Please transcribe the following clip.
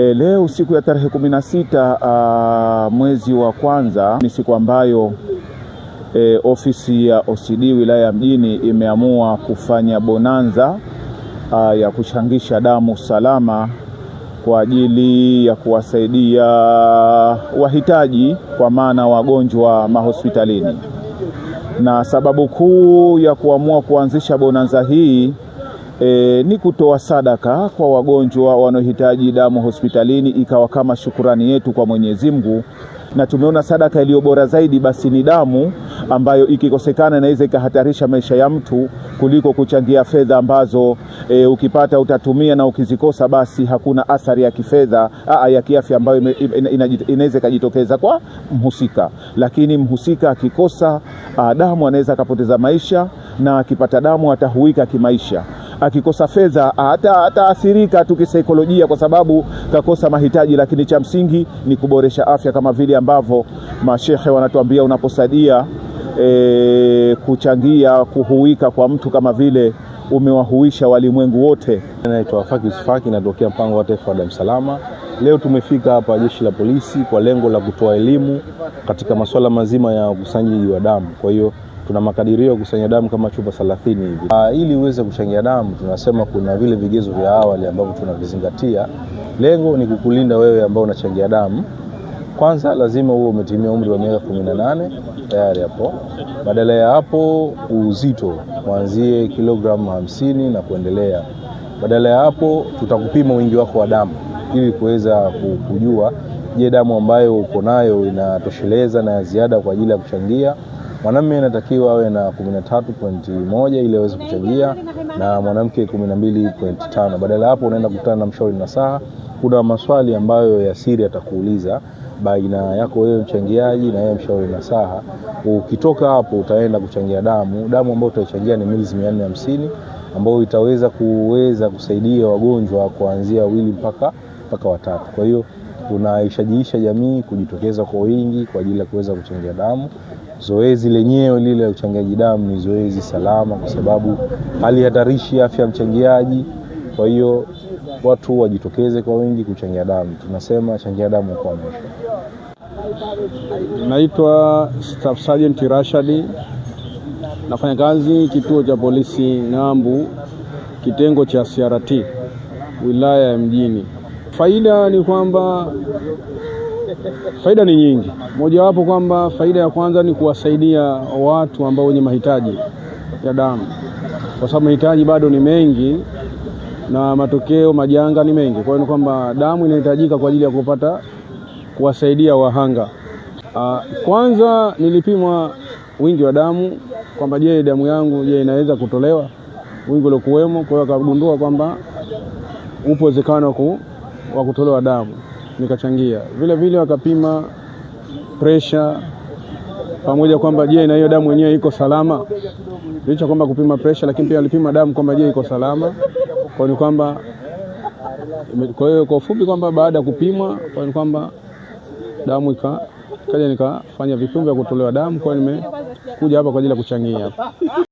Eh, leo siku ya tarehe kumi na sita uh, mwezi wa kwanza ni siku ambayo e, ofisi ya OCD wilaya ya Mjini imeamua kufanya bonanza uh, ya kuchangisha damu salama kwa ajili ya kuwasaidia wahitaji kwa maana wagonjwa mahospitalini, na sababu kuu ya kuamua kuanzisha bonanza hii e, ni kutoa sadaka kwa wagonjwa wanaohitaji damu hospitalini, ikawa kama shukurani yetu kwa Mwenyezi Mungu na tumeona sadaka iliyo bora zaidi basi ni damu ambayo ikikosekana inaweza ikahatarisha maisha ya mtu kuliko kuchangia fedha ambazo e, ukipata utatumia na ukizikosa basi hakuna athari ya kifedha aa, ya kiafya ambayo inaweza ikajitokeza kwa mhusika. Lakini mhusika akikosa damu anaweza akapoteza maisha, na akipata damu atahuika kimaisha akikosa fedha hata ataathirika tu kisaikolojia, kwa sababu kakosa mahitaji. Lakini cha msingi ni kuboresha afya, kama vile ambavyo mashehe wanatuambia unaposaidia e, kuchangia kuhuika kwa mtu kama vile umewahuisha walimwengu wote. Naitwa Wafaki Yusufaki, natokea mpango wa taifa wa damu salama. Leo tumefika hapa jeshi la polisi kwa lengo la kutoa elimu katika masuala mazima ya ukusanyaji wa damu. Kwa hiyo tuna makadirio ya kusanya damu kama chupa 30 hivi. Ah, ili uweze kuchangia damu, tunasema kuna vile vigezo vya awali ambavyo tunavizingatia. Lengo ni kukulinda wewe ambao unachangia damu. Kwanza lazima uwe umetimia umri wa miaka 18 tayari hapo. Badala ya hapo, uzito kuanzie kilogramu hamsini na kuendelea. Badala ya hapo, tutakupima wingi wako wa damu ili kuweza kujua, je, damu ambayo uko nayo inatosheleza na ziada kwa ajili ya kuchangia mwanamume anatakiwa awe na 13.1 ili aweze kuchangia na mwanamke 12.5. Badala hapo unaenda kukutana na mshauri nasaha. Kuna maswali ambayo ya siri atakuuliza baina yako wewe mchangiaji na yeye mshauri nasaha. Ukitoka hapo utaenda kuchangia damu. Damu ambayo utaichangia ni mililita 450 ambayo itaweza kuweza kusaidia wagonjwa kuanzia wawili mpaka mpaka watatu. Kwa hiyo tunaishajiisha jamii kujitokeza kwa wingi kwa ajili ya kuweza kuchangia damu Zoezi lenyewe lile la uchangiaji damu ni zoezi salama, kwa sababu hali hatarishi afya ya mchangiaji. Kwa hiyo watu wajitokeze kwa wingi kuchangia damu. Tunasema changia damu kwa mwisho. Naitwa Staff Sergeant Rashadi, nafanya kazi kituo cha polisi Ng'ambu, kitengo cha CRT wilaya ya Mjini. Faida ni kwamba Faida ni nyingi, mojawapo kwamba faida ya kwanza ni kuwasaidia watu ambao wenye mahitaji ya damu, kwa sababu mahitaji bado ni mengi na matokeo majanga ni mengi. Kwa hiyo ni kwamba damu inahitajika kwa ajili ya kupata kuwasaidia wahanga. Ah, kwanza nilipimwa wingi wa damu kwamba je, damu yangu je, inaweza kutolewa wingi uliokuwemo. Kwa hiyo akagundua kwamba upo uwezekano wa kutolewa damu nikachangia vile vile, wakapima presha pamoja kwamba je, na hiyo damu yenyewe iko salama, licha kwamba kupima presha, lakini pia walipima damu kwamba je, iko salama kwa ni kwamba kwa hiyo kwa ufupi kwamba baada ya kupimwa kwa ni kwamba damu ika kaja nikafanya vipimo vya kutolewa damu, kwa nimekuja hapa kwa ajili ya kuchangia.